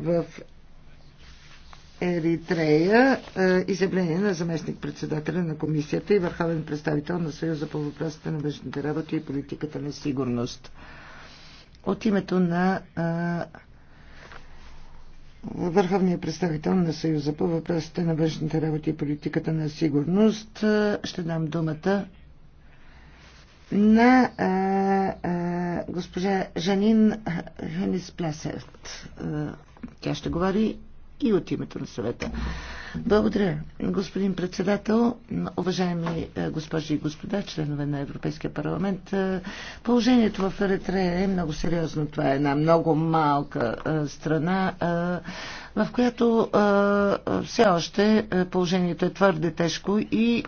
в Еритрея, е, изявление на заместник-председателя на комисията и върховен представител на Съюза по въпросите на външните работи и политиката на сигурност. От името на е, върховния представител на Съюза по въпросите на външните работи и политиката на сигурност е, ще дам думата на а, а, госпожа Жанин Хенис Плесерт. Тя ще говори и от името на съвета. Благодаря, господин председател, уважаеми е, госпожи и господа, членове на Европейския парламент. Е, положението в Еритрея е много сериозно. Това е една много малка е, страна, в която все още положението е твърде тежко и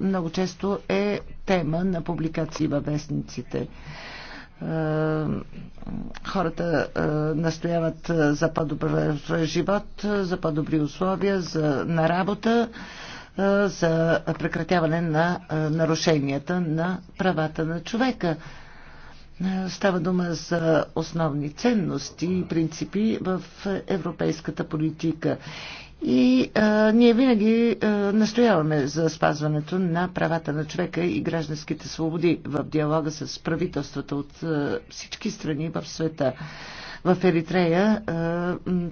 много често е тема на публикации във вестниците. Е, хората е, настояват е, за по-добър живот, за по-добри условия за, на работа, за прекратяване на нарушенията на правата на човека. Става дума за основни ценности и принципи в европейската политика. И а, ние винаги а, настояваме за спазването на правата на човека и гражданските свободи в диалога с правителствата от а, всички страни в света. В Еритрея а,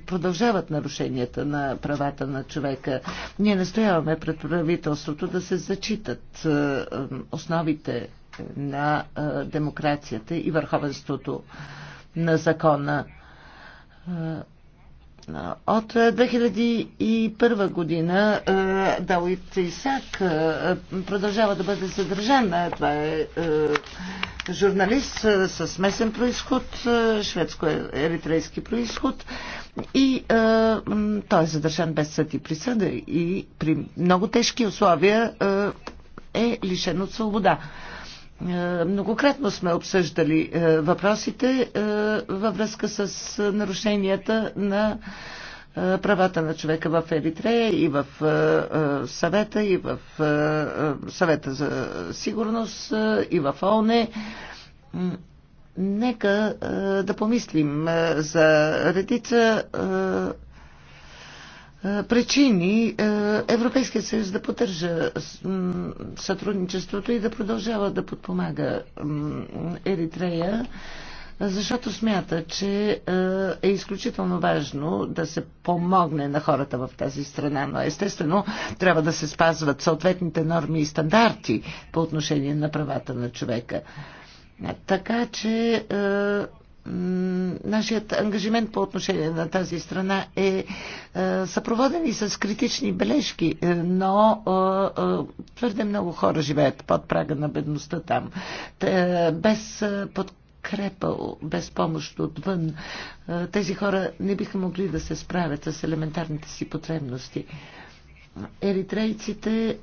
продължават нарушенията на правата на човека. Ние настояваме пред правителството да се зачитат а, основите на а, демокрацията и върховенството на закона. От 2001 година Дауит Исак продължава да бъде задържан. Това е журналист с смесен происход, шведско-еритрейски происход. И той е задържан без съд и присъда и при много тежки условия е лишен от свобода. Е, многократно сме обсъждали е, въпросите е, във връзка с нарушенията на правата на човека в Еритрея и в съвета, и в съвета за сигурност, и в ООН. Нека да помислим за редица е, причини е, Европейския съюз да поддържа сътрудничеството и да продължава да подпомага Еритрея, защото смята, че е, е изключително важно да се помогне на хората в тази страна, но естествено трябва да се спазват съответните норми и стандарти по отношение на правата на човека. Така че нашият ангажимент по отношение на тази страна е, е съпроводен и с критични бележки, е, но е, твърде много хора живеят под прага на бедността там. без подкрепа, без помощ отвън, тези хора не биха могли да се справят с елементарните си потребности. Еритрейците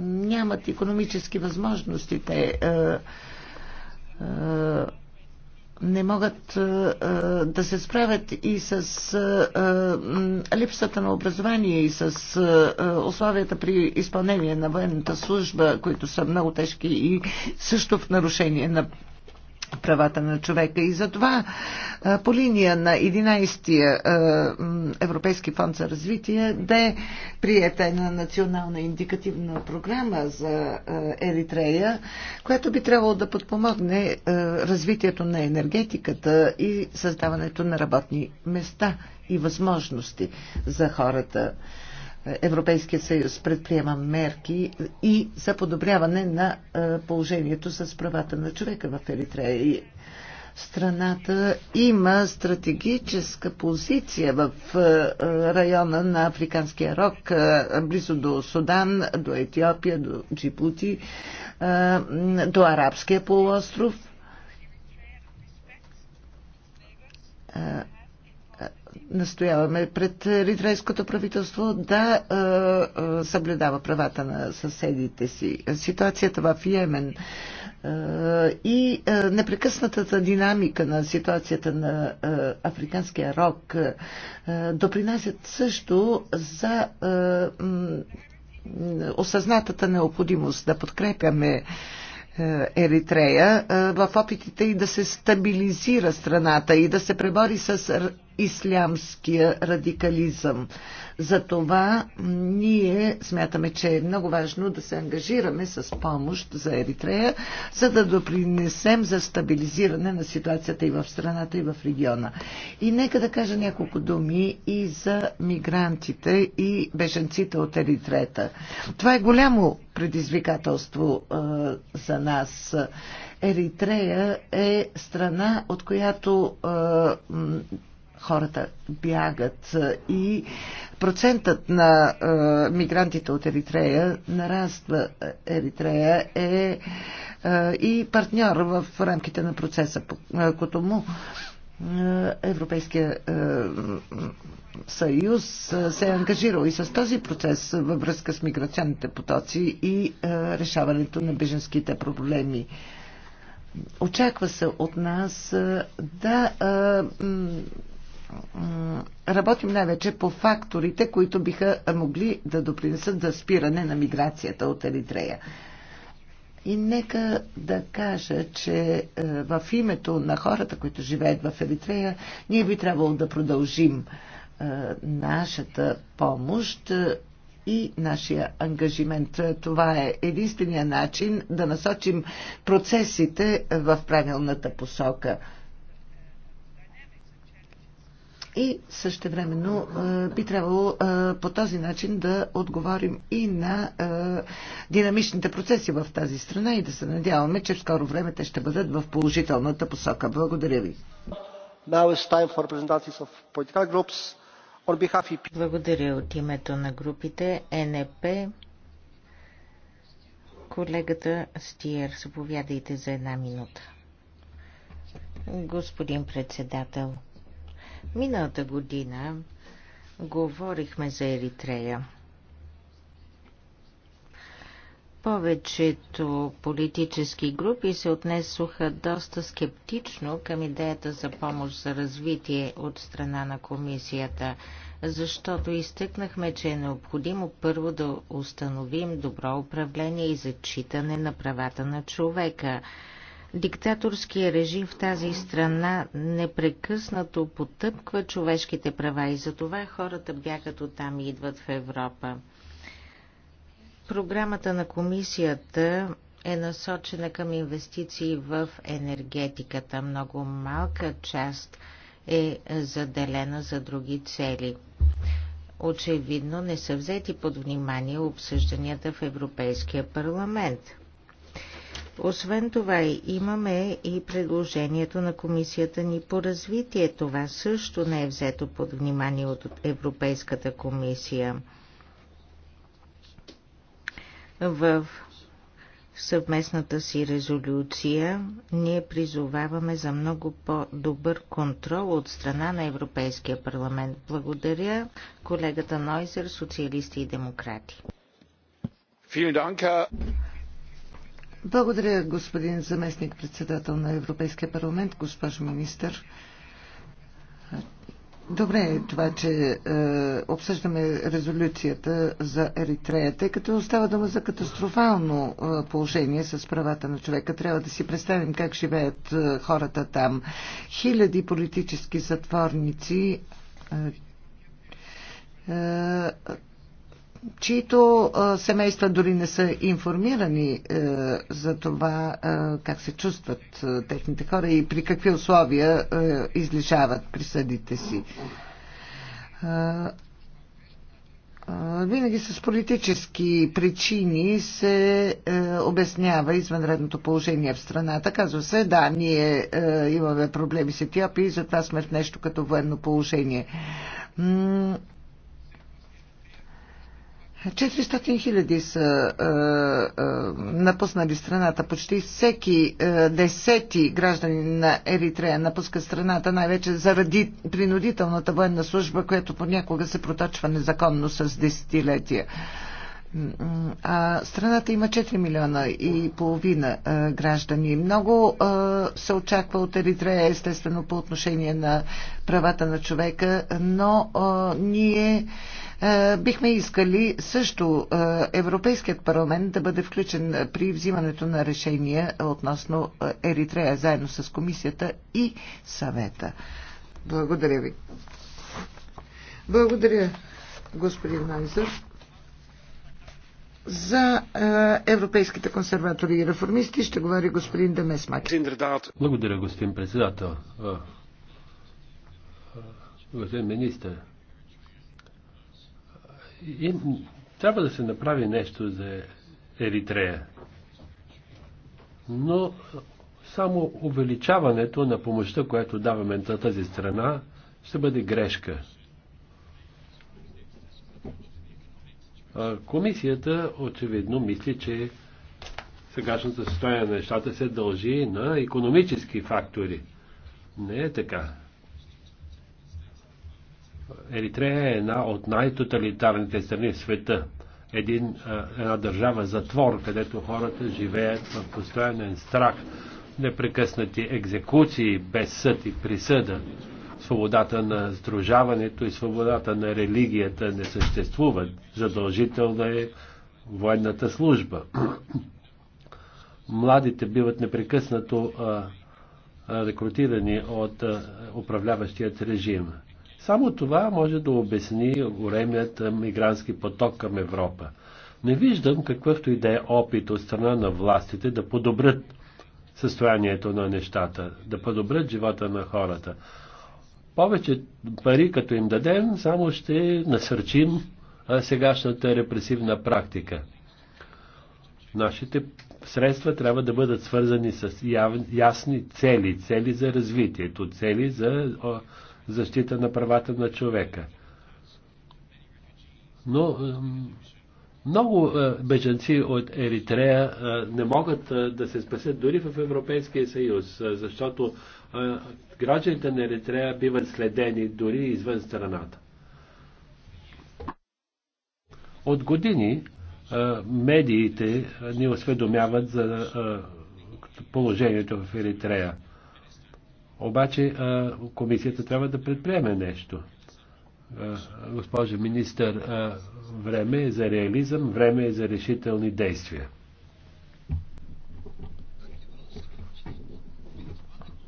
нямат економически възможности. Те е, не могат е, е, да се справят и с липсата на образование и с условията при изпълнение на военната служба, които са много тежки и също в нарушение на правата на човека. И затова по линия на 11-тия Европейски фонд за развитие бе приета една национална индикативна програма за Еритрея, която би трябвало да подпомогне развитието на енергетиката и създаването на работни места и възможности за хората. Европейския съюз предприема мерки и за подобряване на е, положението с правата на човека в Еритрея. и Страната има стратегическа позиция в е, района на Африканския рок, е, близо до Судан, до Етиопия, до Джибути, до Арабския полуостров настояваме пред ритрейското правителство да а, е, е, съблюдава правата на съседите си. Ситуацията в Йемен а, е, и а, непрекъснатата динамика на ситуацията на а, африканския рок а, допринасят също за м, осъзнатата необходимост да подкрепяме Еритрея в опитите и да се стабилизира страната и да се пребори с ислямския радикализъм. Затова ние смятаме, че е много важно да се ангажираме с помощ за Еритрея, за да допринесем за стабилизиране на ситуацията и в страната, и в региона. И нека да кажа няколко думи и за мигрантите и беженците от Еритрета. Това е голямо предизвикателство е, за нас. Еритрея е страна, от която е, хората бягат и процентът на е, мигрантите от Еритрея нараства. Еритрея е, е и партньор в рамките на процеса по Котому. Европейския съюз се е ангажирал и с този процес във връзка с миграционните потоци и решаването на беженските проблеми. Очаква се от нас да работим най-вече по факторите, които биха могли да допринесат за спиране на миграцията от Еритрея. И нека да кажа, че е, в името на хората, които живеят в Еритрея, ние би трябвало да продължим е, нашата помощ е, и нашия ангажимент. Това е единствения начин да насочим процесите в правилната посока. И същевременно е, би трябвало е, по този начин да отговорим и на е, динамичните процеси в тази страна и да се надяваме, че в скоро време те ще бъдат в положителната посока. Благодаря ви. Благодаря от името на групите НП. Колегата Стиер, заповядайте за една минута. Господин председател, Миналата година говорихме за Еритрея. Повечето политически групи се отнесоха доста скептично към идеята за помощ за развитие от страна на комисията, защото изтъкнахме, че е необходимо първо да установим добро управление и зачитане на правата на човека – Диктаторския режим в тази страна непрекъснато потъпква човешките права и затова хората бягат оттам и идват в Европа. Програмата на комисията е насочена към инвестиции в енергетиката. Много малка част е заделена за други цели. Очевидно не са взети под внимание обсъжданията в Европейския парламент – освен това имаме и предложението на комисията ни по развитие. Това също не е взето под внимание от Европейската комисия. В съвместната си резолюция ние призоваваме за много по-добър контрол от страна на Европейския парламент. Благодаря колегата Нойзер, социалисти и демократи. Благодаря, господин заместник председател на Европейския парламент, госпожо министър. Добре е това, че е, обсъждаме резолюцията за Еритрея, тъй като остава дума за катастрофално е, положение с правата на човека. Трябва да си представим как живеят е, хората там. Хиляди политически затворници. Е, е, чието семейства дори не са информирани е, за това е, как се чувстват е, техните хора и при какви условия излишават присъдите си. Винаги с политически причини се е, обяснява извънредното положение в страната. Казва се, да, ние е, имаме проблеми с Етиопия и затова сме в нещо като военно положение 400 хиляди са е, е, напуснали страната. Почти всеки е, десети граждани на Еритрея напуска страната, най-вече заради принудителната военна служба, която понякога се проточва незаконно с десетилетия. А страната има 4 милиона и половина а, е, граждани. Много а, е, се очаква от Еритрея, естествено, по отношение на правата на човека, но а, е, ние а, е, бихме искали също е, Европейският парламент да бъде включен при взимането на решения относно е, Еритрея, заедно с комисията и съвета. Благодаря ви. Благодаря, господин Найзър. За е, европейските консерватори и реформисти ще говори господин Демес Маки. Благодаря, господин председател. Господин министър, и е, трябва да се направи нещо за Еритрея. Но само увеличаването на помощта, която даваме на тази страна, ще бъде грешка. Комисията очевидно мисли, че сегашното състояние на нещата се дължи на економически фактори. Не е така. Еритрея е една от най-тоталитарните страни в света. Един, една държава затвор, където хората живеят в постоянен страх, непрекъснати екзекуции без съд и присъда. Свободата на сдружаването и свободата на религията не съществуват. Задължителна е военната служба. Младите биват непрекъснато а, рекрутирани от а, управляващият режим. Само това може да обясни големият мигрантски поток към Европа. Не виждам какъвто и да е опит от страна на властите да подобрят състоянието на нещата, да подобрят живота на хората. Повече пари, като им дадем, само ще насърчим сегашната репресивна практика. Нашите средства трябва да бъдат свързани с ясни цели, цели за развитието, цели за защита на правата на човека. Но много е, беженци от Еритрея е, не могат е, да се спасят дори в Европейския съюз, защото гражданите на Еритрея биват следени дори извън страната. От години медиите ни осведомяват за положението в Еритрея. Обаче комисията трябва да предприеме нещо. Госпожа министър, време е за реализъм, време е за решителни действия.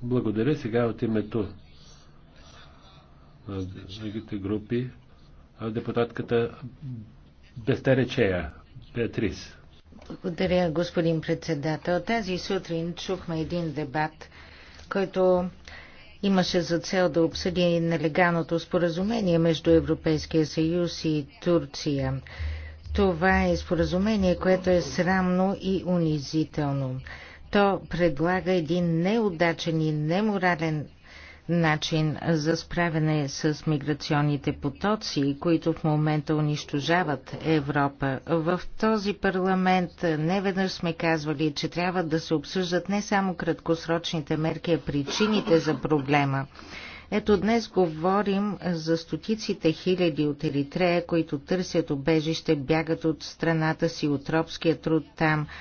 Благодаря сега от името на другите групи депутатката Бестеречея Беатрис. Благодаря, господин председател. Тази сутрин чухме един дебат, който имаше за цел да обсъди нелегалното споразумение между Европейския съюз и Турция. Това е споразумение, което е срамно и унизително. То предлага един неудачен и неморален начин за справяне с миграционните потоци, които в момента унищожават Европа. В този парламент неведнъж сме казвали, че трябва да се обсъждат не само краткосрочните мерки, а причините за проблема. Ето днес говорим за стотиците хиляди от Еритрея, които търсят обежище, бягат от страната си, от робския труд там –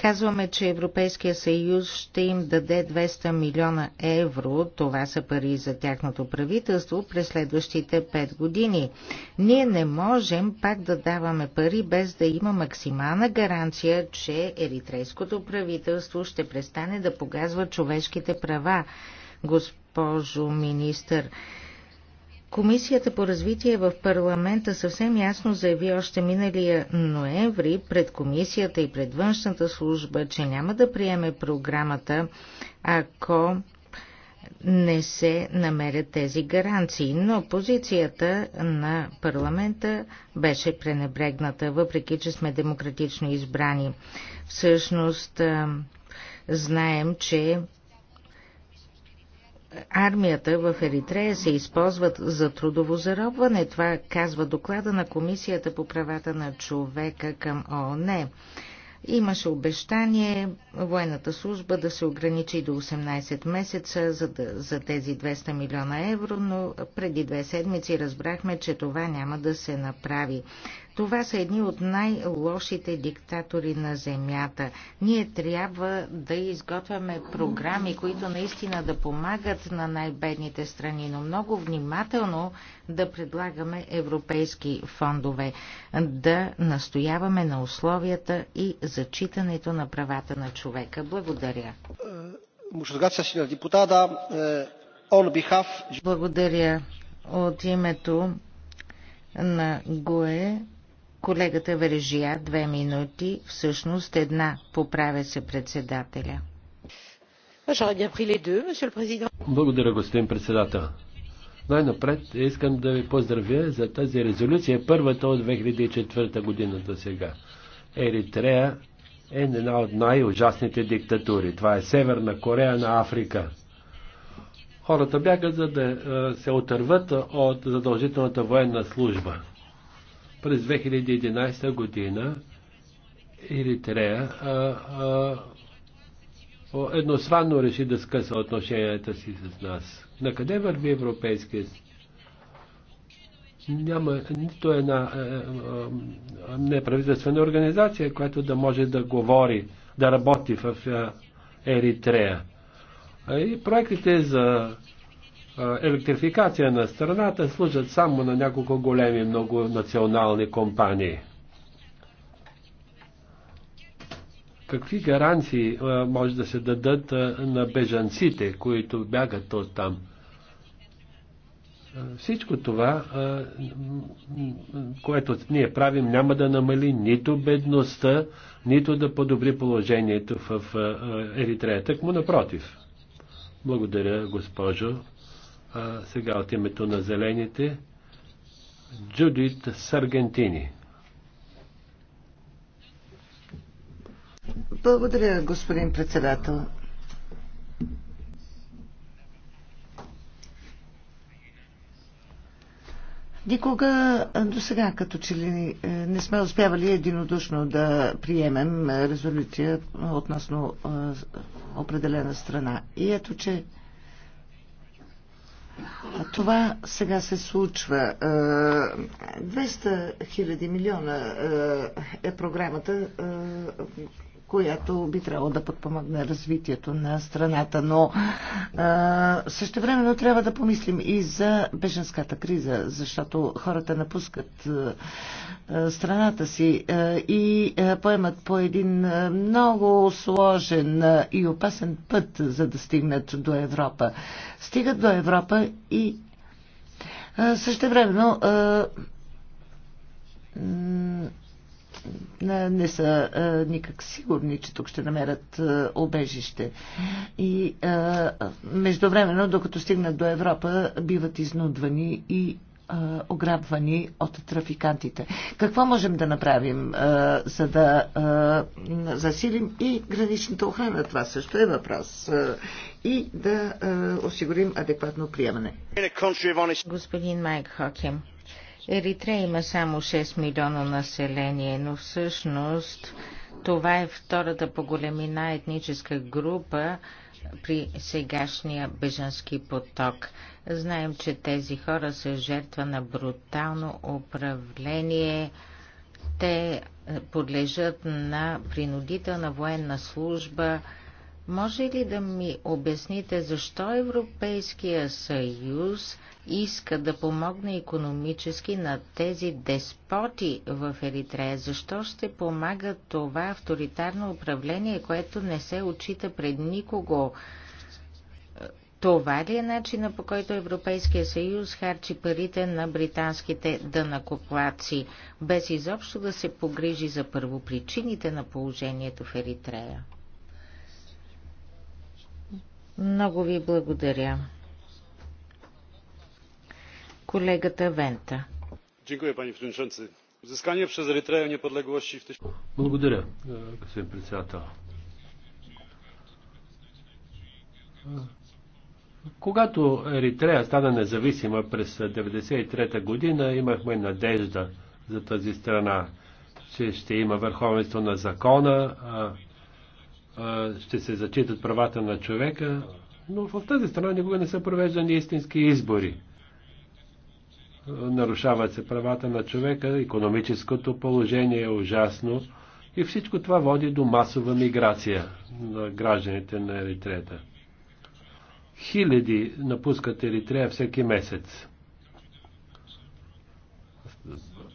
Казваме, че Европейския съюз ще им даде 200 милиона евро, това са пари за тяхното правителство, през следващите 5 години. Ние не можем пак да даваме пари, без да има максимална гаранция, че еритрейското правителство ще престане да погазва човешките права, госпожо министър. Комисията по развитие в парламента съвсем ясно заяви още миналия ноември пред комисията и пред външната служба, че няма да приеме програмата, ако не се намерят тези гаранции, но позицията на парламента беше пренебрегната, въпреки че сме демократично избрани. Всъщност, знаем, че армията в Еритрея се използват за трудово заробване. Това казва доклада на Комисията по правата на човека към ООН. Имаше обещание военната служба да се ограничи до 18 месеца за, да, за тези 200 милиона евро, но преди две седмици разбрахме, че това няма да се направи. Това са едни от най-лошите диктатори на Земята. Ние трябва да изготвяме програми, които наистина да помагат на най-бедните страни, но много внимателно да предлагаме европейски фондове, да настояваме на условията и зачитането на правата на човека. Благодаря. Е, Благодаря от името на ГОЕ Колегата Вережия, две минути, всъщност една, поправя се председателя. Благодаря, господин председател. Най-напред искам да ви поздравя за тази резолюция, първата от 2004 година до сега. Еритрея е една от най-ужасните диктатури. Това е Северна Корея на Африка. Хората бягат, за да е, се отърват от задължителната военна служба. През 2011 година Еритрея а, а, едностранно реши да скъса отношенията си с нас. На къде върви Европейския няма нито една е, е, е неправителствена организация, която да може да говори, да работи в е, Еритрея. И проектите за електрификация на страната служат само на няколко големи много национални компании. Какви гаранции може да се дадат на бежанците, които бягат от там? Всичко това, което ние правим, няма да намали нито бедността, нито да подобри положението в Еритрея. Так му напротив. Благодаря, госпожо. А, сега от името на зелените Джудит Саргентини. Благодаря, господин председател. Никога до сега, като че ли е, не сме успявали единодушно да приемем резолюция относно е, определена страна. И ето, че това сега се случва. 200 е, хиляди милиона е, е програмата, е, която би трябвало да подпомогне развитието на страната. Но а, също времено трябва да помислим и за беженската криза, защото хората напускат а, страната си а, и а, поемат по един много сложен а, и опасен път, за да стигнат до Европа. Стигат до Европа и а, също времено а, е, не са е, никак сигурни, че тук ще намерят е, обежище. И междувременно, докато стигнат до Европа, биват изнудвани и ограбвани от трафикантите. Какво можем да направим, за да засилим и граничната охрана? Това също е въпрос. И да осигурим адекватно приемане. Господин Майк Хокем. Еритрея има само 6 милиона население, но всъщност това е втората по големина етническа група при сегашния бежански поток. Знаем, че тези хора са жертва на брутално управление. Те подлежат на принудителна военна служба, може ли да ми обясните защо Европейския съюз иска да помогне економически на тези деспоти в Еритрея? Защо ще помага това авторитарно управление, което не се отчита пред никого? Това ли е начина по който Европейския съюз харчи парите на британските дънакоплаци, без изобщо да се погрижи за първопричините на положението в Еритрея? Много ви благодаря. Колегата Вента. Дякую, пани в не Благодаря, е, господин председател. Когато Еритрея стана независима през 1993 година, имахме надежда за тази страна, че ще има върховенство на закона, а ще се зачитат правата на човека, но в тази страна никога не са провеждани истински избори. Нарушават се правата на човека, економическото положение е ужасно и всичко това води до масова миграция на гражданите на Еритрета. Хиляди напускат Еритрея всеки месец.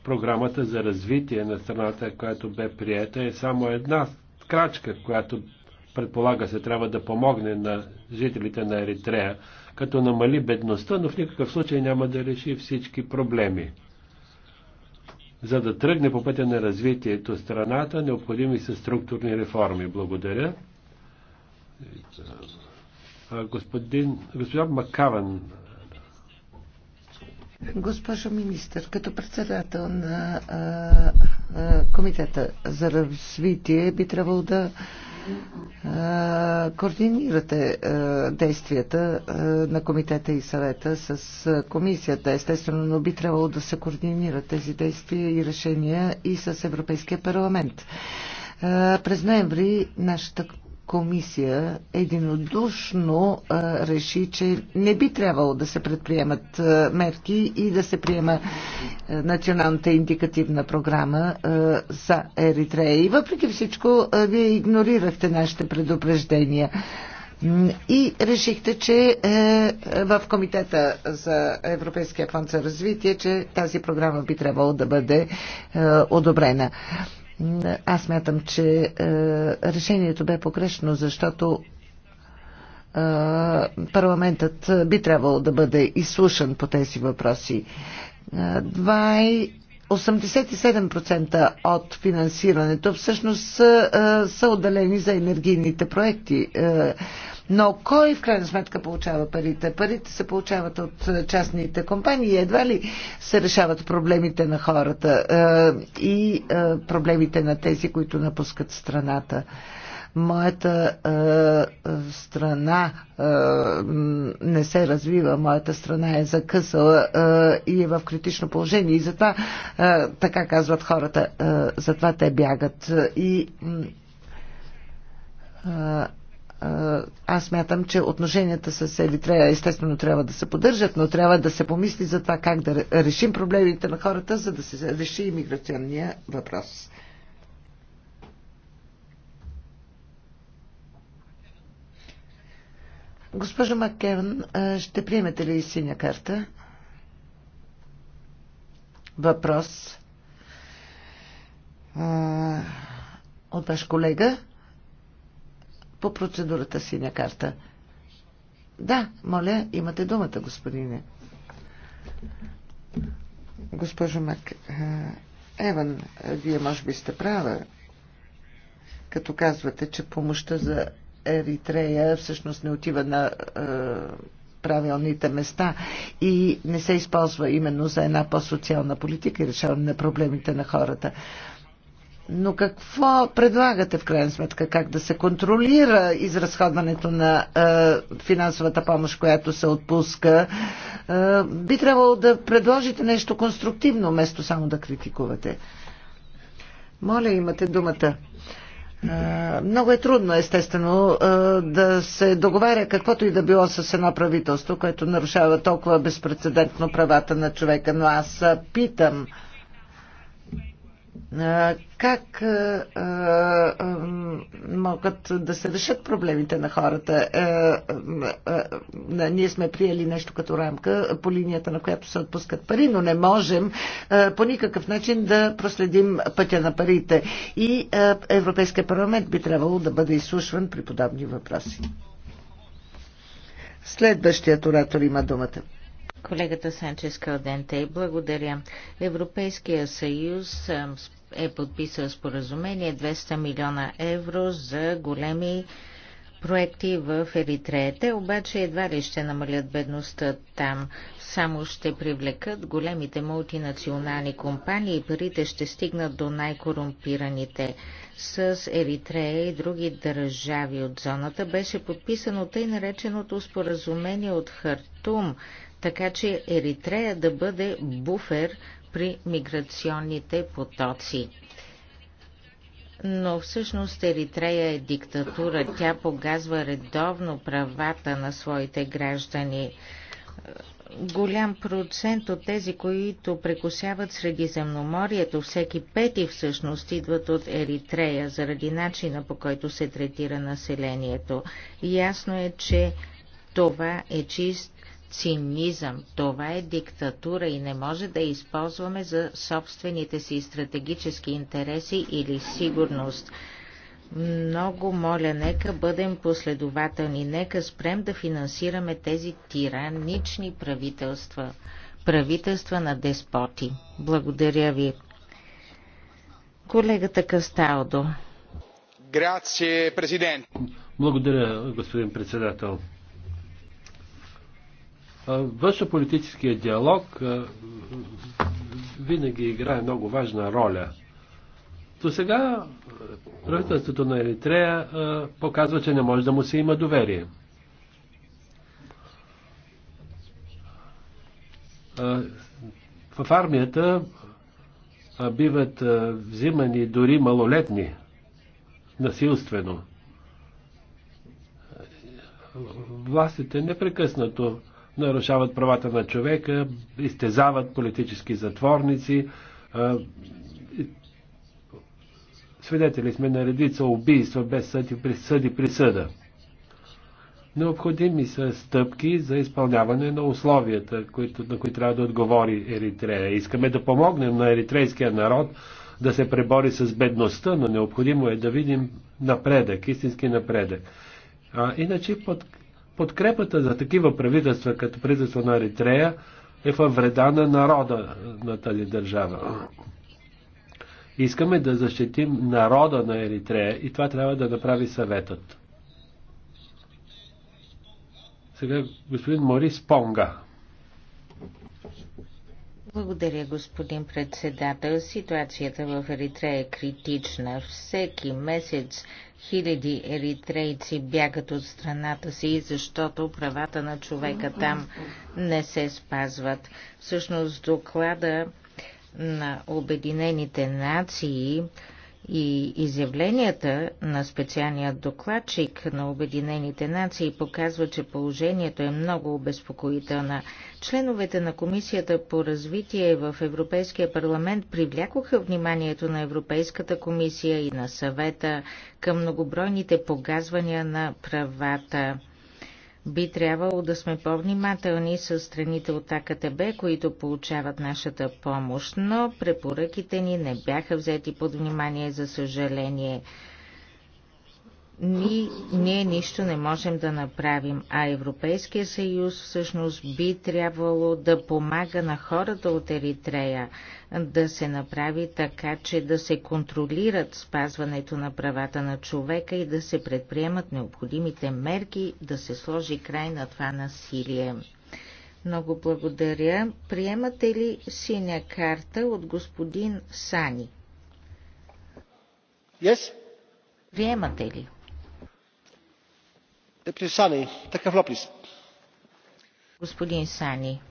Програмата за развитие на страната, която бе приета, е само една крачка, която предполага се трябва да помогне на жителите на Еритрея, като намали бедността, но в никакъв случай няма да реши всички проблеми. За да тръгне по пътя на развитието страната, необходими са структурни реформи. Благодаря. Господин, господин Макаван Госпожо министър, като председател на а, а, Комитета за развитие би трябвало да а, координирате а, действията а, на Комитета и съвета с а, комисията. Естествено, но би трябвало да се координират тези действия и решения и с Европейския парламент. А, през ноември нашата комисия единодушно а, реши, че не би трябвало да се предприемат а, мерки и да се приема а, националната индикативна програма а, за Еритрея. И въпреки всичко, а, вие игнорирахте нашите предупреждения и решихте, че е, в Комитета за Европейския фонд за развитие, че тази програма би трябвало да бъде е, одобрена. Аз мятам, че е, решението бе погрешно, защото е, парламентът би трябвало да бъде изслушан по тези въпроси. 87% е, от финансирането всъщност са, са отделени за енергийните проекти. Но кой в крайна сметка получава парите? Парите се получават от е, частните компании. Едва ли се решават проблемите на хората е, и е, проблемите на тези, които напускат страната моята е, страна е, не се развива, моята страна е закъсала е, и е в критично положение. И затова, е, така казват хората, е, затова те бягат. И е, аз мятам, че отношенията с Еритрея естествено трябва да се поддържат, но трябва да се помисли за това как да решим проблемите на хората, за да се реши иммиграционния въпрос. Госпожо Маккевен, ще приемете ли синя карта? Въпрос от ваш колега по процедурата синя карта. Да, моля, имате думата, господине. Госпожо Мак, е, Еван, вие може би сте права, като казвате, че помощта за Еритрея всъщност не отива на е, правилните места и не се използва именно за една по-социална политика и решаване на проблемите на хората. Но какво предлагате в крайна сметка? Как да се контролира изразходването на е, финансовата помощ, която се отпуска? Е, би трябвало да предложите нещо конструктивно, вместо само да критикувате. Моля, имате думата. Е, много е трудно, естествено, е, да се договаря каквото и да било с едно правителство, което нарушава толкова безпредседентно правата на човека. Но аз е, питам, как могат да се решат проблемите на хората. ние сме приели нещо като рамка, по линията на която се отпускат пари, но не можем по никакъв начин да проследим пътя на парите. И Европейския парламент би трябвало да бъде изслушван при подобни въпроси. Следващият оратор има думата. Колегата Санчес Калденте, благодаря. Европейския съюз е подписал споразумение 200 милиона евро за големи проекти в Еритрея. Те обаче едва ли ще намалят бедността там. Само ще привлекат големите мултинационални компании и парите ще стигнат до най-корумпираните. С Еритрея и други държави от зоната беше подписано тъй нареченото споразумение от Хартум – така че Еритрея да бъде буфер при миграционните потоци. Но всъщност Еритрея е диктатура. Тя погазва редовно правата на своите граждани. Голям процент от тези, които прекусяват Средиземноморието, всеки пети всъщност идват от Еритрея, заради начина по който се третира населението. Ясно е, че това е чист цинизъм. Това е диктатура и не може да използваме за собствените си стратегически интереси или сигурност. Много моля, нека бъдем последователни, нека спрем да финансираме тези тиранични правителства, правителства на деспоти. Благодаря ви. Колегата Касталдо. Благодаря, господин председател политическия диалог винаги играе много важна роля. До сега правителството на Еритрея показва, че не може да му се има доверие. В армията биват взимани дори малолетни насилствено. Властите непрекъснато нарушават правата на човека, изтезават политически затворници. Свидетели сме на редица убийства без съд и присъди присъда. Необходими са стъпки за изпълняване на условията, които, на които трябва да отговори Еритрея. Искаме да помогнем на еритрейския народ да се пребори с бедността, но необходимо е да видим напредък, истински напредък. А, иначе под, подкрепата за такива правителства, като правителство на Еритрея, е във вреда на народа на тази държава. Искаме да защитим народа на Еритрея и това трябва да направи съветът. Сега господин Морис Понга. Благодаря, господин председател. Ситуацията в Еритрея е критична. Всеки месец Хиляди еритрейци бягат от страната си, защото правата на човека там не се спазват. Всъщност доклада на Обединените нации и изявленията на специалния докладчик на Обединените нации показва, че положението е много обезпокоително. Членовете на Комисията по развитие в Европейския парламент привлякоха вниманието на Европейската комисия и на съвета към многобройните погазвания на правата би трябвало да сме по-внимателни с страните от АКТБ, които получават нашата помощ, но препоръките ни не бяха взети под внимание, за съжаление. Ни, ние нищо не можем да направим, а Европейския съюз всъщност би трябвало да помага на хората от Еритрея да се направи така, че да се контролират спазването на правата на човека и да се предприемат необходимите мерки да се сложи край на това насилие. Много благодаря. Приемате ли синя карта от господин Сани? Yes? Приемате ли? Е, господин Сани.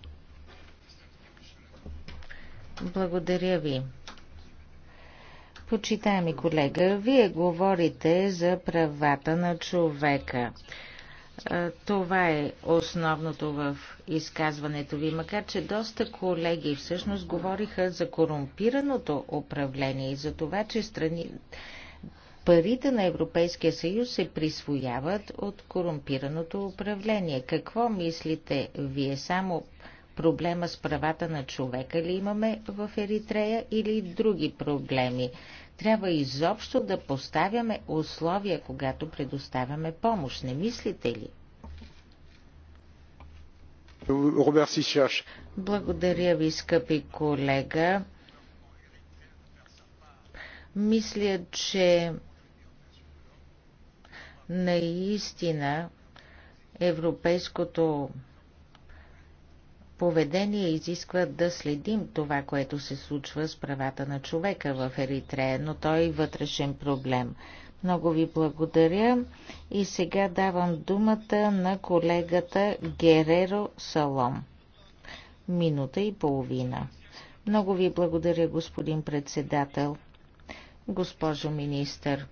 Благодаря ви. Почитаеми колега, вие говорите за правата на човека. Това е основното в изказването ви, макар че доста колеги всъщност говориха за корумпираното управление и за това, че страни... парите на Европейския съюз се присвояват от корумпираното управление. Какво мислите вие? Само проблема с правата на човека ли имаме в Еритрея или други проблеми. Трябва изобщо да поставяме условия, когато предоставяме помощ. Не мислите ли? Благодаря ви, скъпи колега. Мисля, че наистина европейското поведение изисква да следим това, което се случва с правата на човека в Еритрея, но той е вътрешен проблем. Много ви благодаря и сега давам думата на колегата Гереро Салом. Минута и половина. Много ви благодаря, господин председател. Госпожо министър,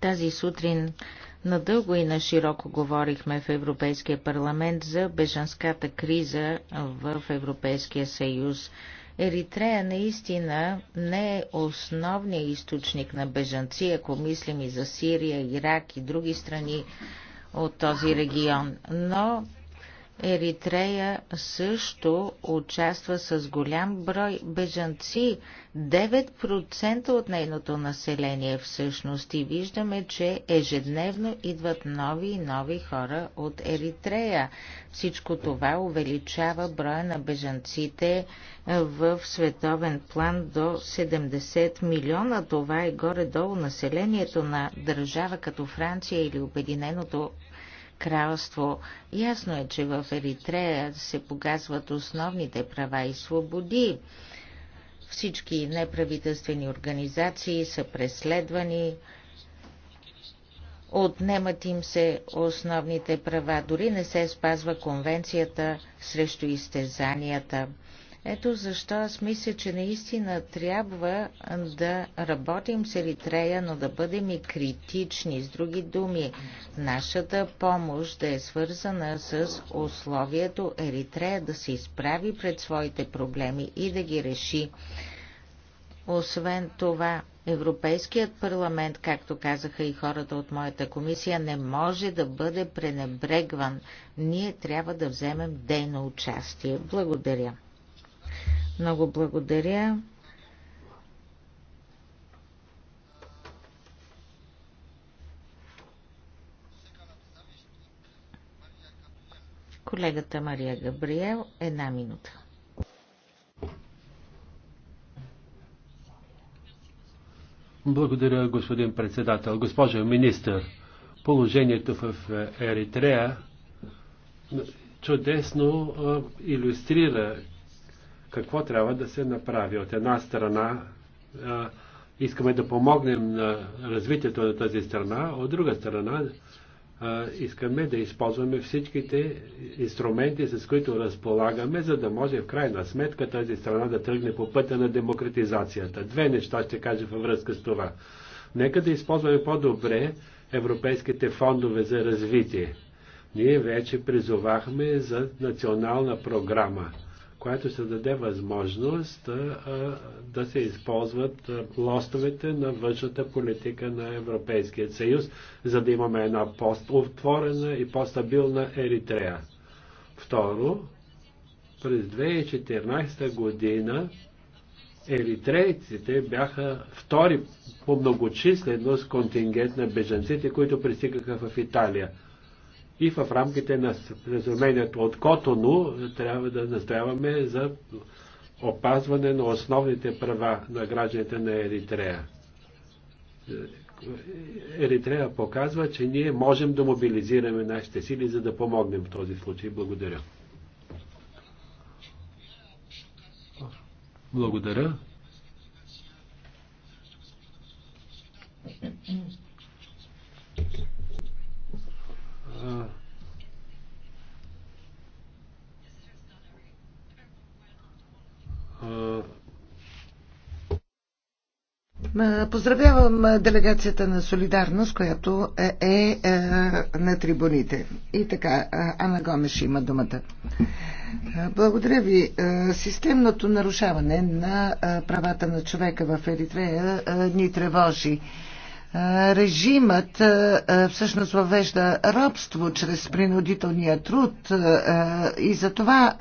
тази сутрин Надълго и на широко говорихме в Европейския парламент за бежанската криза в Европейския съюз. Еритрея наистина не е основният източник на бежанци, ако мислим и за Сирия, Ирак и други страни от този регион, но Еритрея също участва с голям брой бежанци. 9% от нейното население всъщност и виждаме, че ежедневно идват нови и нови хора от Еритрея. Всичко това увеличава броя на бежанците в световен план до 70 милиона. Това е горе-долу населението на държава като Франция или Обединеното кралство. Ясно е, че в Еритрея се погазват основните права и свободи. Всички неправителствени организации са преследвани, отнемат им се основните права, дори не се спазва конвенцията срещу изтезанията – ето защо аз мисля, че наистина трябва да работим с Еритрея, но да бъдем и критични. С други думи, нашата помощ да е свързана с условието Еритрея да се изправи пред своите проблеми и да ги реши. Освен това, Европейският парламент, както казаха и хората от моята комисия, не може да бъде пренебрегван. Ние трябва да вземем дейно участие. Благодаря. Много благодаря. Колегата Мария Габриел, една минута. Благодаря, господин председател. Госпожо министър, положението в Еритрея чудесно иллюстрира какво трябва да се направи. От една страна а, искаме да помогнем на развитието на тази страна, от друга страна а, искаме да използваме всичките инструменти, с които разполагаме, за да може в крайна сметка тази страна да тръгне по пътя на демократизацията. Две неща ще кажа във връзка с това. Нека да използваме по-добре европейските фондове за развитие. Ние вече призовахме за национална програма която се даде възможност да се използват лостовете на външната политика на Европейския съюз, за да имаме една по-отворена и по-стабилна Еритрея. Второ, през 2014 година еритрейците бяха втори по многочисленост контингент на беженците, които пристигаха в Италия – и в рамките на разумението от Котону трябва да настояваме за опазване на основните права на гражданите на Еритрея. Еритрея показва, че ние можем да мобилизираме нашите сили, за да помогнем в този случай. Благодаря. Благодаря. Поздравявам делегацията на Солидарност, която е, е, е на трибуните. И така, Ана Гомеш има думата. Благодаря ви. Системното нарушаване на правата на човека в Еритрея ни тревожи. Режимът всъщност въвежда рабство чрез принудителния труд и затова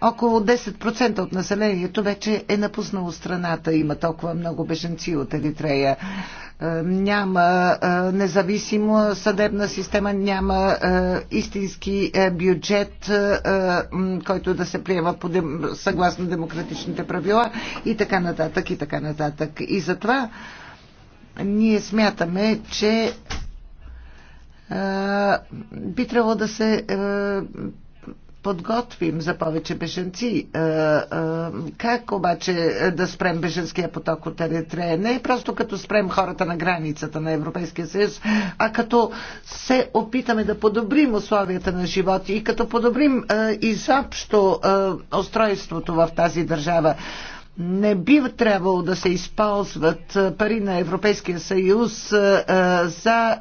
около 10% от населението вече е напуснало страната. Има толкова много беженци от Еритрея. Няма независима съдебна система, няма истински бюджет, който да се приема съгласно демократичните правила и така нататък, и така нататък. И затова ние смятаме, че би трябвало да се подготвим за повече беженци. Как обаче да спрем беженския поток от Еритрея? Не е просто като спрем хората на границата на Европейския съюз, а като се опитаме да подобрим условията на живот и като подобрим изобщо устройството в тази държава не би трябвало да се използват пари на Европейския съюз за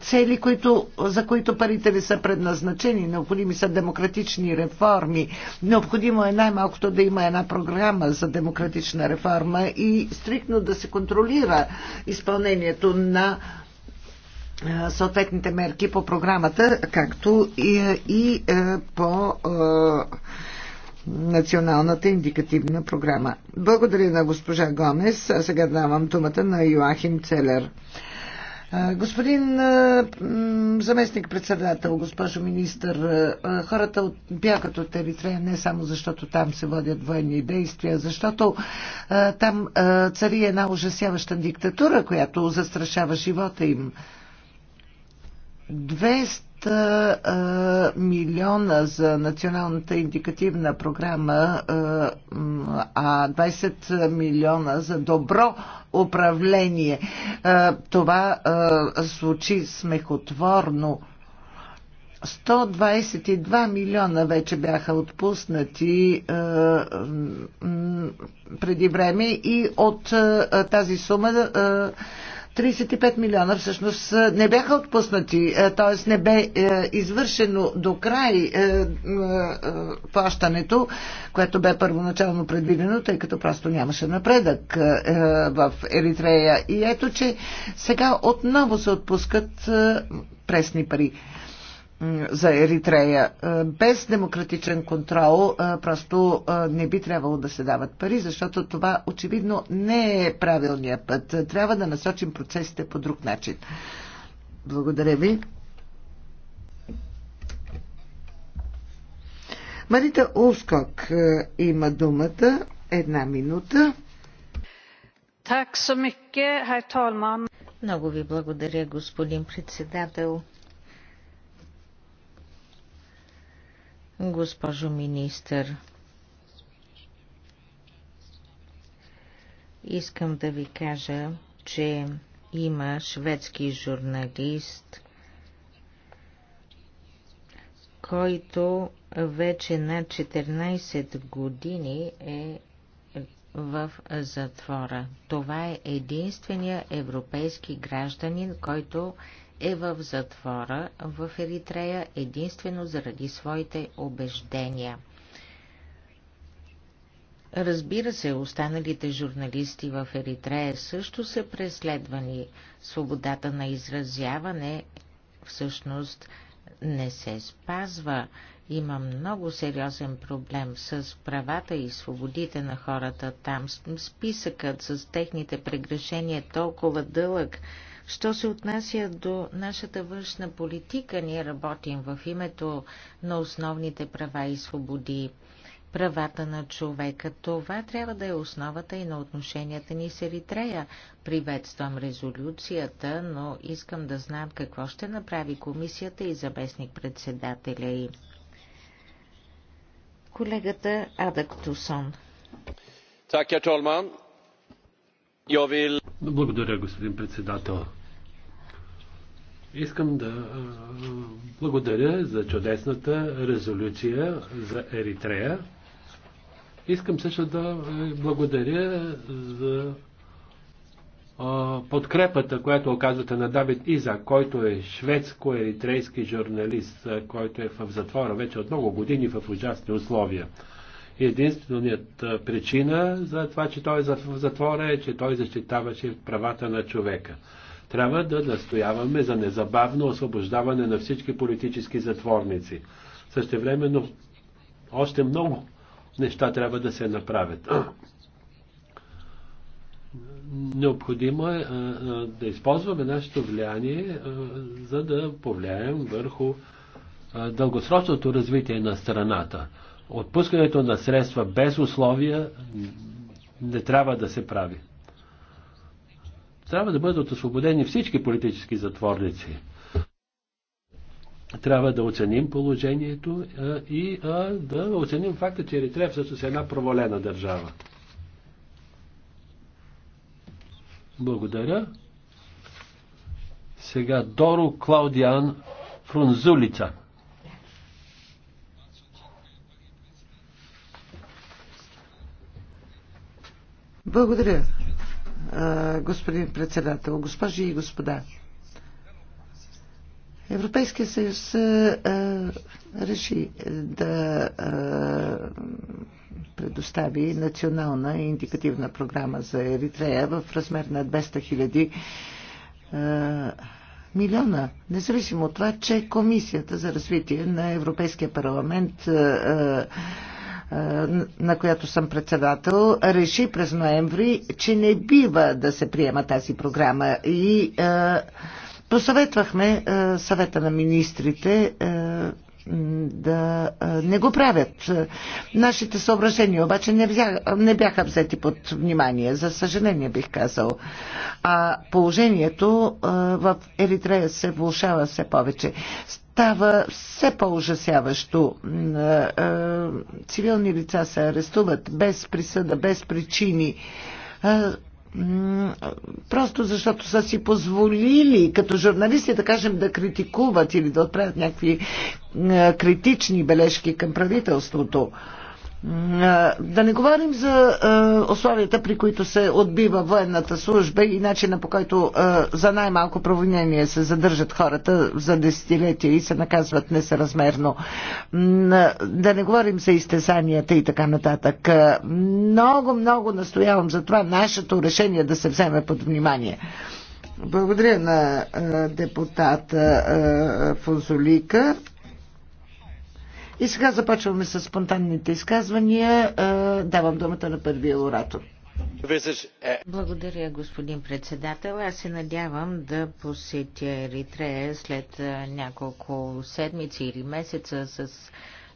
цели, които, за които парите ви са предназначени. Необходими са демократични реформи. Необходимо е най-малкото да има една програма за демократична реформа и стриктно да се контролира изпълнението на съответните мерки по програмата, както и, и е, по е, националната индикативна програма. Благодаря на госпожа Гомес. А сега давам думата на Йоахим Целер. Господин заместник-председател, госпожо министър, хората бягат от Еритрея не само защото там се водят военни действия, защото там цари една ужасяваща диктатура, която застрашава живота им милиона за националната индикативна програма, а 20 милиона за добро управление. Това звучи смехотворно. 122 милиона вече бяха отпуснати преди време и от тази сума 35 милиона всъщност не бяха отпуснати, т.е. не бе е, извършено до край е, е, плащането, което бе първоначално предвидено, тъй като просто нямаше напредък в Еритрея. И ето, че сега отново се отпускат пресни пари за Еритрея. Е, без демократичен контрол е, просто е, не би трябвало да се дават пари, защото това очевидно не е правилният път. Трябва да насочим процесите по друг начин. Благодаря ви. Марита Ускок има думата. Една минута. Так, Много ви благодаря, господин председател. госпожо министър. Искам да ви кажа, че има шведски журналист, който вече на 14 години е в затвора. Това е единствения европейски гражданин, който е в затвора в Еритрея единствено заради своите убеждения. Разбира се, останалите журналисти в Еритрея също са преследвани. Свободата на изразяване всъщност не се спазва. Има много сериозен проблем с правата и свободите на хората там. Списъкът с техните прегрешения е толкова дълъг, Що се отнася до нашата външна политика, ние работим в името на основните права и свободи, правата на човека. Това трябва да е основата и на отношенията ни с Еритрея. Приветствам резолюцията, но искам да знам какво ще направи комисията и заместник-председателя й. Колегата Адак Тусон. Благодаря, господин председател. Искам да благодаря за чудесната резолюция за Еритрея. Искам също да благодаря за подкрепата, която оказвате на Давид Иза, който е шведско-еритрейски журналист, който е в затвора вече от много години в ужасни условия. Единственият причина за това, че той е в затвора е, че той защитаваше правата на човека. Трябва да настояваме за незабавно освобождаване на всички политически затворници. Същевременно още много неща трябва да се направят. Необходимо е да използваме нашето влияние, за да повлияем върху дългосрочното развитие на страната. Отпускането на средства без условия не трябва да се прави. Трябва да бъдат освободени всички политически затворници. Трябва да оценим положението и да оценим факта, че Еритрея всъщност е една проволена държава. Благодаря. Сега Доро Клаудиан Фрунзулица. Благодаря, господин председател. Госпожи и господа, Европейския съюз а, реши да а, предостави национална индикативна програма за Еритрея в размер на 200 хиляди милиона, независимо от това, че Комисията за развитие на Европейския парламент е, е, на която съм председател, реши през ноември, че не бива да се приема тази програма. И е, посъветвахме е, съвета на министрите да не го правят. Нашите съображения обаче не, взя, не бяха взети под внимание, за съжаление бих казал. А положението в Еритрея се влушава все повече. Става все по-ужасяващо. Цивилни лица се арестуват без присъда, без причини просто защото са си позволили като журналисти, да кажем, да критикуват или да отправят някакви критични бележки към правителството. Да не говорим за условията, при които се отбива военната служба и начина по който за най-малко провинение се задържат хората за десетилетия и се наказват несъразмерно. Да не говорим за изтезанията и така нататък. Много, много настоявам за това нашето решение да се вземе под внимание. Благодаря на депутата Фонзолика. И сега започваме с спонтанните изказвания. Е, давам думата на първия оратор. Благодаря, господин председател. Аз се надявам да посетя Еритрея след е, няколко седмици или месеца с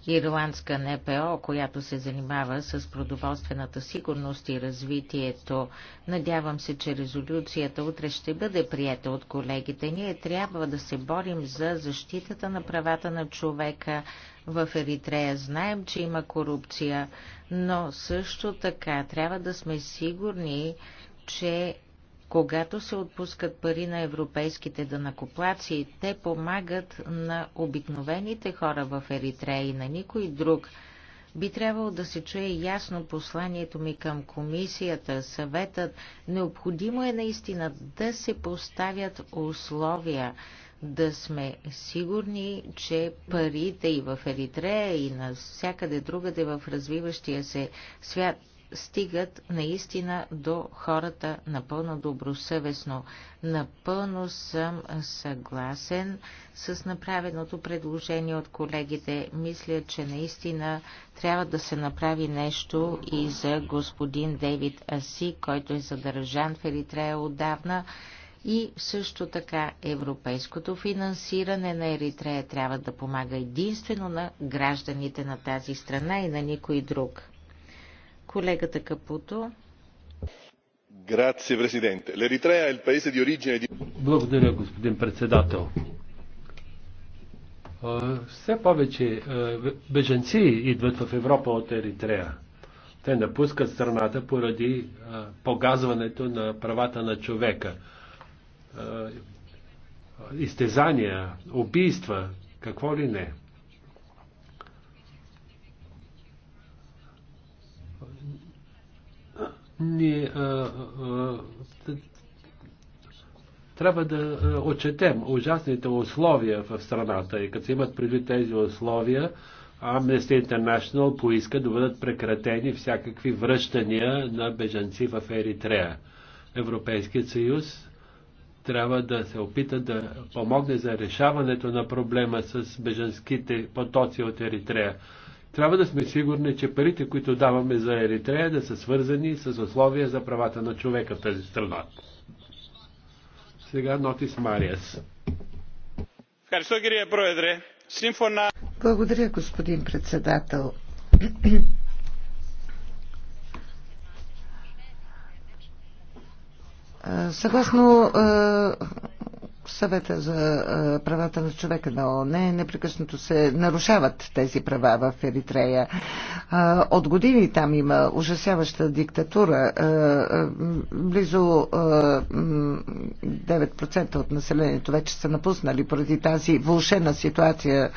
ирландска НПО, която се занимава с продоволствената сигурност и развитието. Надявам се, че резолюцията утре ще бъде приета от колегите. Ние трябва да се борим за защитата на правата на човека в Еритрея. Знаем, че има корупция, но също така трябва да сме сигурни, че когато се отпускат пари на европейските дънакоплаци, те помагат на обикновените хора в Еритрея и на никой друг. Би трябвало да се чуе ясно посланието ми към комисията, съветът. Необходимо е наистина да се поставят условия, да сме сигурни, че парите и в Еритрея, и навсякъде другаде в развиващия се свят стигат наистина до хората напълно добросъвестно. Напълно съм съгласен с направеното предложение от колегите. Мисля, че наистина трябва да се направи нещо и за господин Дейвид Аси, който е задържан в Еритрея отдавна. И също така европейското финансиране на Еритрея трябва да помага единствено на гражданите на тази страна и на никой друг. Колегата Капуто. Е Благодаря, господин председател. Все повече беженци идват в Европа от Еритрея. Те напускат страната поради погазването на правата на човека. Изтезания, убийства, какво ли не. ние а, а, трябва да отчетем ужасните условия в страната и като се имат предвид тези условия, Amnesty International поиска да бъдат прекратени всякакви връщания на бежанци в Еритрея. Европейският съюз трябва да се опита да помогне за решаването на проблема с бежанските потоци от Еритрея. Трябва да сме сигурни, че парите, които даваме за Еритрея, да са свързани с условия за правата на човека в тази страна. Сега Нотис Мариас. Благодаря, господин председател. Съгласно съвета за правата на човека на ООН непрекъснато се нарушават тези права в Еритрея. От години там има ужасяваща диктатура. Близо 9% от населението вече са напуснали поради тази вълшена ситуация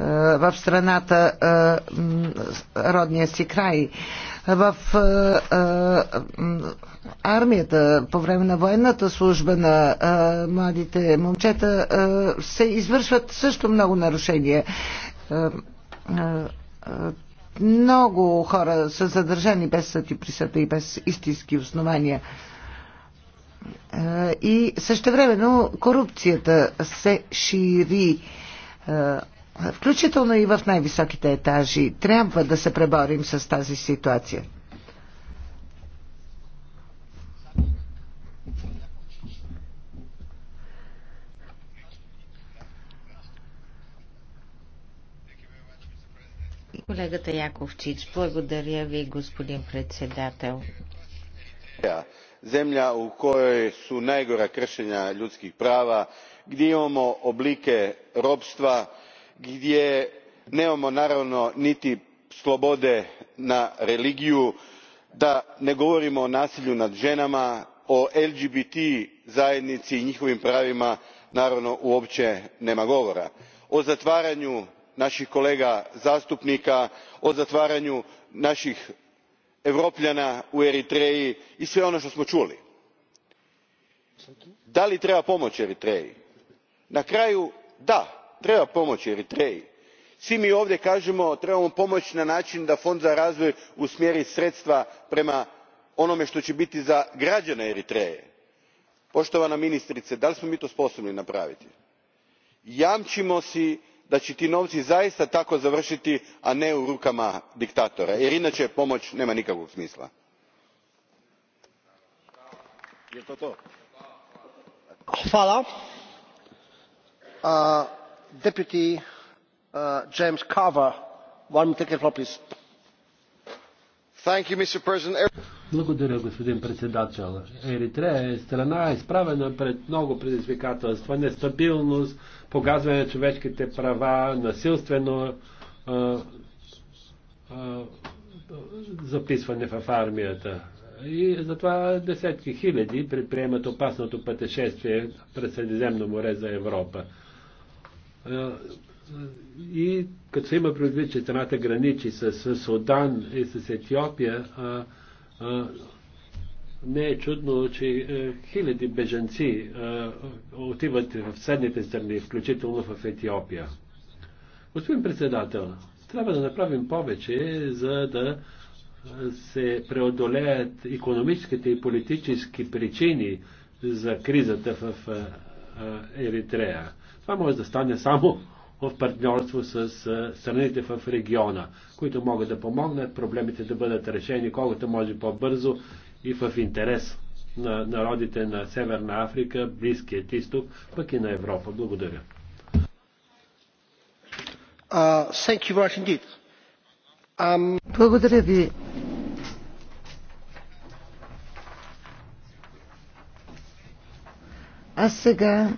е, в страната е, родния си край. В е, армията, по време на военната служба на младите момчета се извършват също много нарушения. Много хора са задържани без съд и присъда и без истински основания. И същевременно корупцията се шири включително и в най-високите етажи, трябва да се преборим с тази ситуация. Колегата Яковчич, благодаря ви, господин председател. Земля, Земlja u са най-гора кръщения ljudskih права, где имамо облике робства, gdje nemamo naravno niti slobode na religiju da ne govorimo o nasilju nad ženama o lgbt zajednici i njihovim pravima naravno uopće nema govora o zatvaranju naših kolega zastupnika o zatvaranju naših europljana u eritreji i sve ono što smo čuli. da li treba pomoći eritreji? na kraju da treba pomoći eritreji. svi mi ovdje kažemo da trebamo pomoći na način da fond za razvoj usmjeri sredstva prema onome što će biti za građane eritreje. poštovana ministrice da li smo mi to sposobni napraviti? jamčimo si da će ti novci zaista tako završiti a ne u rukama diktatora jer inače pomoć nema nikakvog smisla. Uh, Благодаря, господин председател. Еритрея е страна изправена пред много предизвикателства, нестабилност, погазване на човешките права, насилствено записване в армията. И затова десетки хиляди предприемат опасното пътешествие през Средиземно море за Европа. И като се има предвид, че страната граничи с, с Судан и с Етиопия, а, а, не е чудно, че е, хиляди бежанци е, отиват в съдните страни, включително в Етиопия. Господин председател, трябва да направим повече, за да се преодолеят економическите и политически причини за кризата в Еритрея. Това може да стане само в партньорство с страните в региона, които могат да помогнат проблемите да бъдат решени колкото може по-бързо и в интерес на народите на Северна Африка, Близкият изток, пък и на Европа. Благодаря. Uh, um... Благодаря ви. Аз сега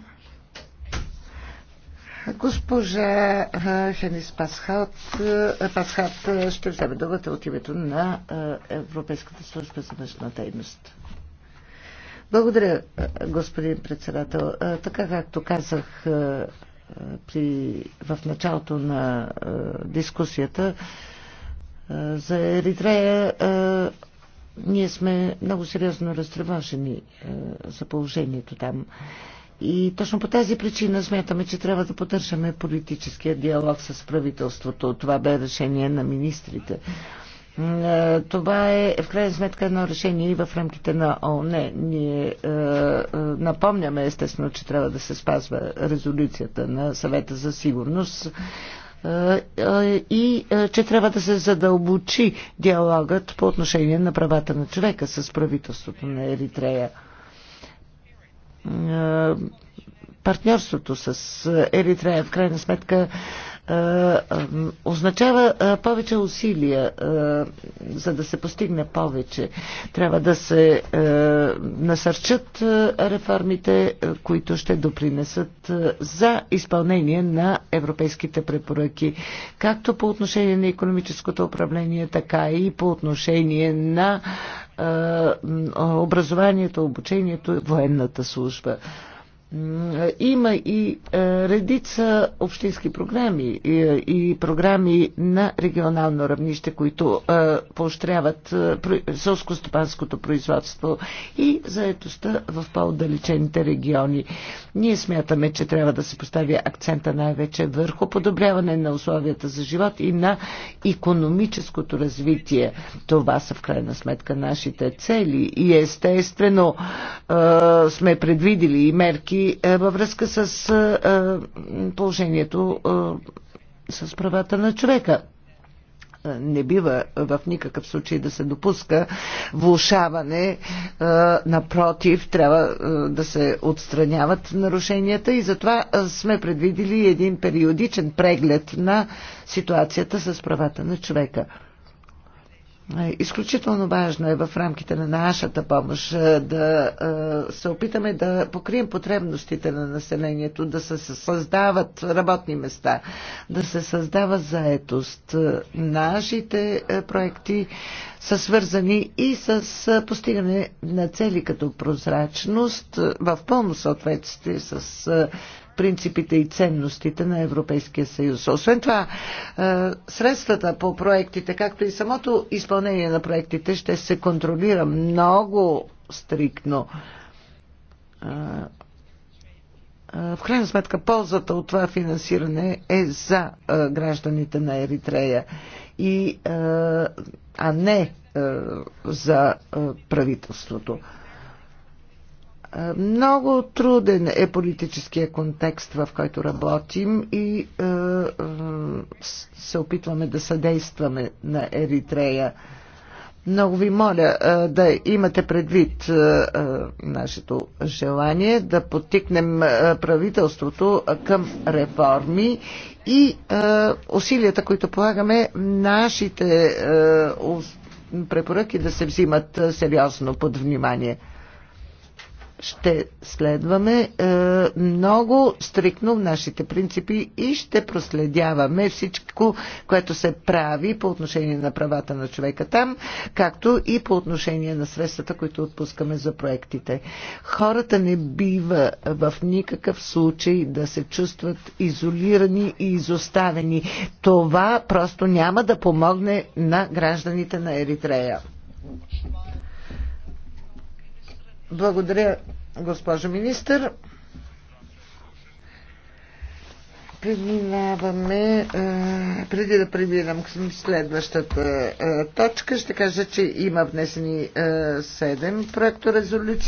Госпожа Хенис Пасхат, Пасхат ще вземе думата от името на Европейската служба за външна дейност. Благодаря, господин председател. Така както казах при, в началото на дискусията за Еритрея, ние сме много сериозно разтревожени за положението там. И точно по тази причина смятаме, че трябва да поддържаме политическия диалог с правителството. Това бе решение на министрите. Това е в крайна сметка едно решение и в рамките на ООН. Ние е, е, напомняме естествено, че трябва да се спазва резолюцията на съвета за сигурност е, е, и че трябва да се задълбочи диалогът по отношение на правата на човека с правителството на Еритрея. Е, партньорството с Еритрея в крайна сметка е, е, означава повече усилия, за да се постигне повече. Трябва да се насърчат реформите, които ще допринесат за изпълнение на европейските препоръки, както по отношение на економическото управление, така и по отношение на образованието, обучението, военната служба. Има и е, редица общински програми е, и програми на регионално равнище, които е, поощряват селско стопанското производство и заетостта в по-отдалечените региони. Ние смятаме, че трябва да се постави акцента най-вече върху подобряване на условията за живот и на економическото развитие. Това са в крайна сметка нашите цели и естествено сме предвидили и мерки е, във връзка с е, е, положението е, с правата на човека. Не бива в никакъв случай да се допуска влушаване. Напротив, трябва да се отстраняват нарушенията и затова сме предвидили един периодичен преглед на ситуацията с правата на човека. Е, изключително важно е в рамките на нашата помощ е, да е, се опитаме да покрием потребностите на населението, да се създават работни места, да се създава заетост. Нашите проекти са свързани и с постигане на цели като прозрачност в пълно съответствие с принципите и ценностите на Европейския съюз. Освен това, е, средствата по проектите, както и самото изпълнение на проектите, ще се контролира много стриктно. Е, е, в крайна сметка, ползата от това финансиране е за гражданите на Еритрея, и, а не за правителството. Много труден е политическия контекст, в който работим и е, е се опитваме да съдействаме на Еритрея. Много ви моля е, да имате предвид е, е, нашето желание да подтикнем е, правителството към реформи и е, усилията, които полагаме, нашите е, препоръки да се взимат е, сериозно под внимание ще следваме е, много стрикно в нашите принципи и ще проследяваме всичко, което се прави по отношение на правата на човека там, както и по отношение на средствата, които отпускаме за проектите. Хората не бива в никакъв случай да се чувстват изолирани и изоставени. Това просто няма да помогне на гражданите на Еритрея. Благодаря, госпожо министър. Преминаваме, е, преди да преминам към следващата е, точка, ще кажа, че има внесени 7 е, проекторезолюции.